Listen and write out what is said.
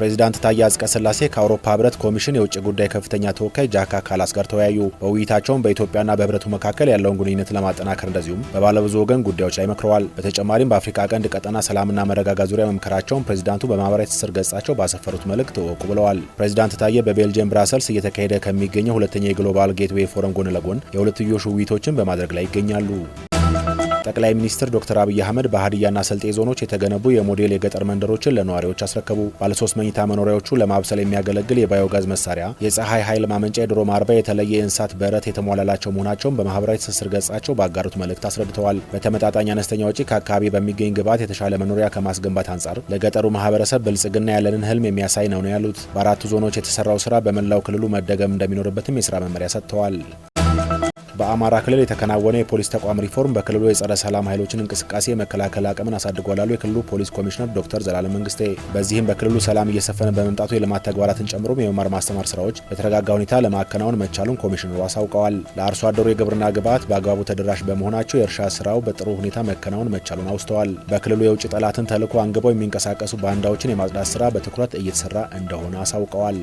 ፕሬዚዳንት ታዬ አጽቀሥላሴ ከአውሮፓ ህብረት ኮሚሽን የውጭ ጉዳይ ከፍተኛ ተወካይ ጃካ ካላስ ጋር ተወያዩ። በውይይታቸውም በኢትዮጵያና በህብረቱ መካከል ያለውን ግንኙነት ለማጠናከር እንደዚሁም በባለብዙ ወገን ጉዳዮች ላይ መክረዋል። በተጨማሪም በአፍሪካ ቀንድ ቀጠና ሰላምና መረጋጋት ዙሪያ መምከራቸውን ፕሬዚዳንቱ በማህበራዊ ትስስር ገጻቸው ባሰፈሩት መልእክት እወቁ ብለዋል። ፕሬዚዳንት ታዬ በቤልጅየም ብራሰልስ እየተካሄደ ከሚገኘው ሁለተኛ የግሎባል ጌትዌይ ፎረም ጎን ለጎን የሁለትዮሽ ውይይቶችን በማድረግ ላይ ይገኛሉ። ጠቅላይ ሚኒስትር ዶክተር አብይ አህመድ በሀዲያና ሰልጤ ዞኖች የተገነቡ የሞዴል የገጠር መንደሮችን ለነዋሪዎች አስረከቡ። ባለሶስት መኝታ መኖሪያዎቹ ለማብሰል የሚያገለግል የባዮጋዝ መሳሪያ፣ የፀሐይ ኃይል ማመንጫ፣ የዶሮ ማርቢያ፣ የተለየ የእንስሳት በረት የተሟላላቸው መሆናቸውን በማህበራዊ ትስስር ገጻቸው ባጋሩት መልእክት አስረድተዋል። በተመጣጣኝ አነስተኛ ወጪ ከአካባቢ በሚገኝ ግብዓት የተሻለ መኖሪያ ከማስገንባት አንጻር ለገጠሩ ማህበረሰብ ብልጽግና ያለንን ህልም የሚያሳይ ነው ነው ያሉት። በአራቱ ዞኖች የተሰራው ስራ በመላው ክልሉ መደገም እንደሚኖርበትም የስራ መመሪያ ሰጥተዋል። በአማራ ክልል የተከናወነ የፖሊስ ተቋም ሪፎርም በክልሉ የጸረ ሰላም ኃይሎችን እንቅስቃሴ የመከላከል አቅምን አሳድጓል አሉ የክልሉ ፖሊስ ኮሚሽነር ዶክተር ዘላለም መንግስቴ። በዚህም በክልሉ ሰላም እየሰፈነ በመምጣቱ የልማት ተግባራትን ጨምሮ የመማር ማስተማር ስራዎች በተረጋጋ ሁኔታ ለማከናወን መቻሉን ኮሚሽነሩ አሳውቀዋል። ለአርሶ አደሩ የግብርና ግብዓት በአግባቡ ተደራሽ በመሆናቸው የእርሻ ስራው በጥሩ ሁኔታ መከናወን መቻሉን አውስተዋል። በክልሉ የውጭ ጠላትን ተልዕኮ አንግበው የሚንቀሳቀሱ ባንዳዎችን የማጽዳት ስራ በትኩረት እየተሰራ እንደሆነ አሳውቀዋል።